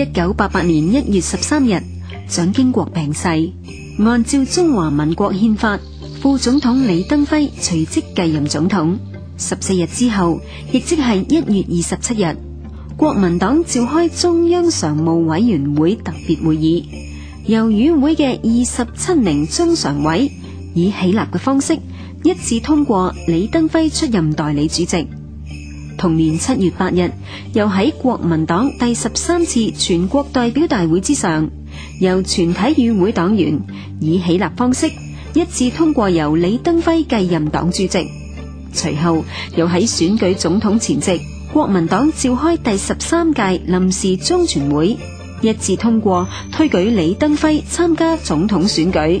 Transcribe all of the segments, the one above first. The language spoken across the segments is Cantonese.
一九八八年一月十三日，蔣經國病逝。按照中華民國憲法，副總統李登輝隨即繼任總統。十四日之後，亦即係一月二十七日，國民黨召開中央常務委員會特別會議，由院會嘅二十七名中常委以起立嘅方式一致通過李登輝出任代理主席。同年七月八日，又喺國民黨第十三次全國代表大會之上，由全體與會黨員以起立方式一致通過由李登輝繼任黨主席。隨後，又喺選舉總統前夕，國民黨召開第十三屆臨時中全會，一致通過推舉李登輝參加總統選舉。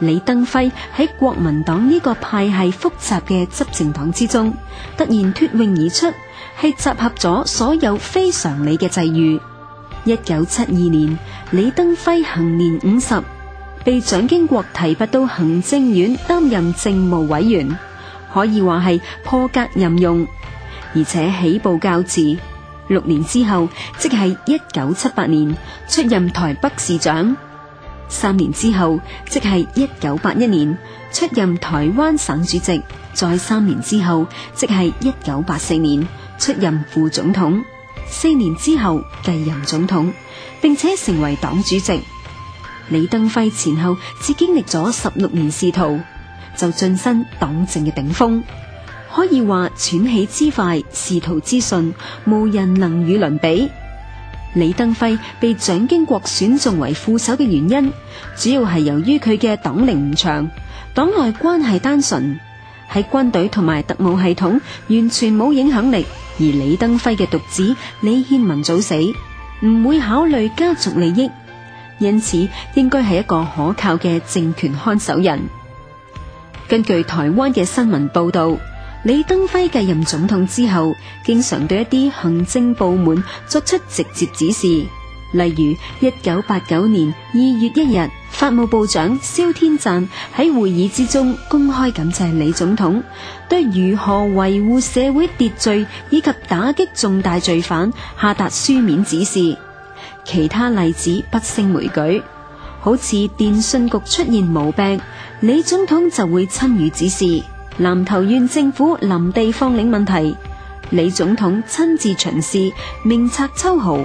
李登輝喺國民黨呢個派系複雜嘅執政黨之中，突然脫穎而出，係集合咗所有非常理嘅際遇。一九七二年，李登輝行年五十，被蔣經國提拔到行政院擔任政務委員，可以話係破格任用，而且起步較遲。六年之後，即係一九七八年，出任台北市長。三年之後，即係一九八一年，出任台灣省主席；再三年之後，即係一九八四年，出任副總統。四年之後，繼任總統，並且成為黨主席。李登輝前後只經歷咗十六年仕途，就晉身黨政嘅頂峰，可以話竄起之快，仕途之順，無人能與倫比。李登輝被蔣經國選中為副手嘅原因，主要係由於佢嘅黨齡唔長，黨內關係單純，喺軍隊同埋特務系統完全冇影響力。而李登輝嘅獨子李憲文早死，唔會考慮家族利益，因此應該係一個可靠嘅政權看守人。根據台灣嘅新聞報道。李登輝繼任總統之後，經常對一啲行政部門作出直接指示，例如一九八九年二月一日，法務部長蕭天贊喺會議之中公開感謝李總統，對如何維護社會秩序以及打擊重大罪犯下達書面指示。其他例子不勝枚舉，好似電信局出現毛病，李總統就會參與指示。南投縣政府林地放領問題，李總統親自巡視，明察秋毫。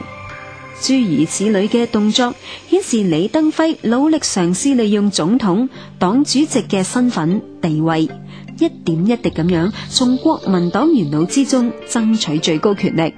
諸如此類嘅動作，顯示李登輝努力嘗試利用總統、黨主席嘅身份地位，一點一滴咁樣從國民黨元老之中爭取最高權力。